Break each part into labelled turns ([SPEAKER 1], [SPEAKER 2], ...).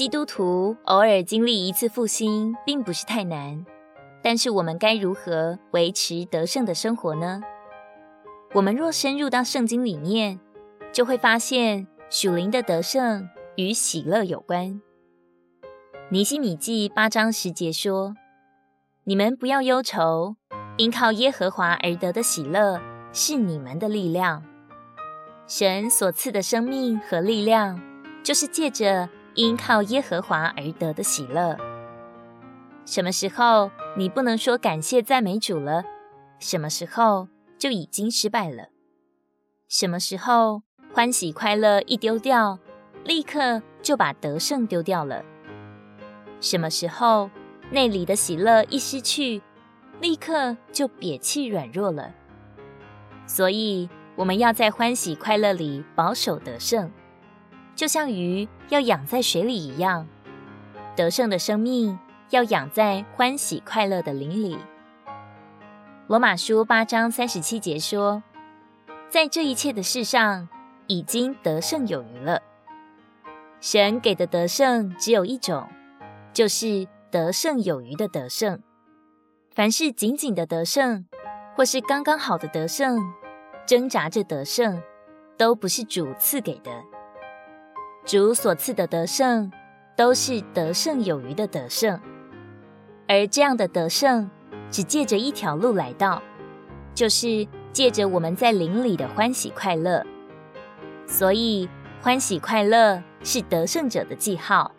[SPEAKER 1] 基督徒偶爾經歷一次復興，並不是太難。但是我們該如何維持得勝的生活呢？我們若深入到聖經裡面，就會發現屬靈的得勝與喜樂有關。尼希米記八章十節說：“你們不要憂愁，因靠耶和華而得的喜樂是你們的力量。神所賜的生命和力量，就是借着。”因靠耶和華而得的喜樂，什麼時候你不能說感謝讚美主了？什麼時候就已經失敗了？什麼時候歡喜快樂一丟掉，立刻就把得勝丟掉了？什麼時候內裡的喜樂一失去，立刻就癟氣軟弱了？所以我們要在歡喜快樂裡保守得勝。就像魚要養在水裡一樣，得勝的生命要養在歡喜快樂的林裡。羅馬書八章三十七節說：“在這一切的事上，已經得勝有餘了。”神給的得勝只有一種，就是得勝有餘的得勝。凡是僅僅的得勝，或是剛剛好的得勝，掙扎着得勝，都不是主賜給的。主所賜的得勝，都是得勝有餘的得勝，而這樣的得勝，只借着一條路來到，就是借着我們在靈裡的歡喜快樂。所以，歡喜快樂是得勝者的記號。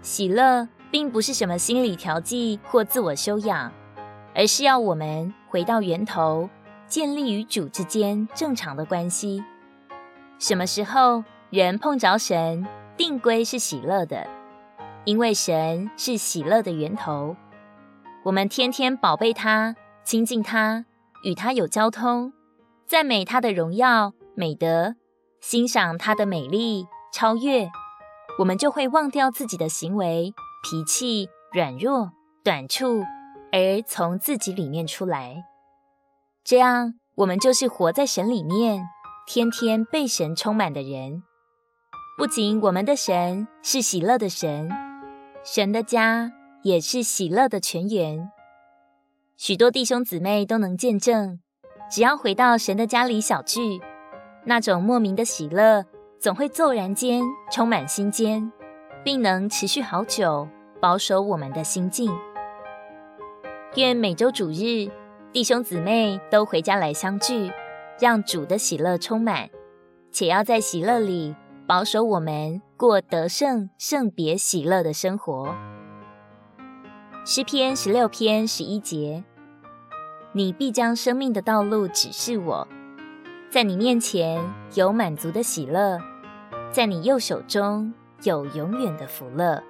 [SPEAKER 1] 喜樂並不是什麼心理調劑或自我修養，而是要我們回到源頭，建立與主之間正常的關係。什麼時候？人碰着神，定規是喜樂的，因為神是喜樂的源頭。我們天天寶貝他，親近他，與他有交通，讚美他的榮耀、美德，欣賞他的美麗、超越，我們就會忘掉自己的行為、脾氣、軟弱、短處，而從自己裡面出來。這樣，我們就是活在神裡面，天天被神充滿的人。不僅我們的神是喜樂的神，神的家也是喜樂的泉源。許多弟兄姊妹都能見證，只要回到神的家裡小聚，那種莫名的喜樂總會驟然間充滿心間，並能持續好久，保守我們的心境。願每周主日，弟兄姊妹都回家來相聚，讓主的喜樂充滿，且要在喜樂裡。保守我們過得勝、聖別、喜樂的生活。詩篇十六篇十一節：你必將生命的道路指示我，在你面前有滿足的喜樂，在你右手中有永遠的福樂。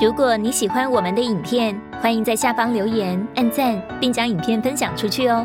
[SPEAKER 1] 如果你喜歡我們的影片，歡迎在下方留言、按讚，並將影片分享出去哦。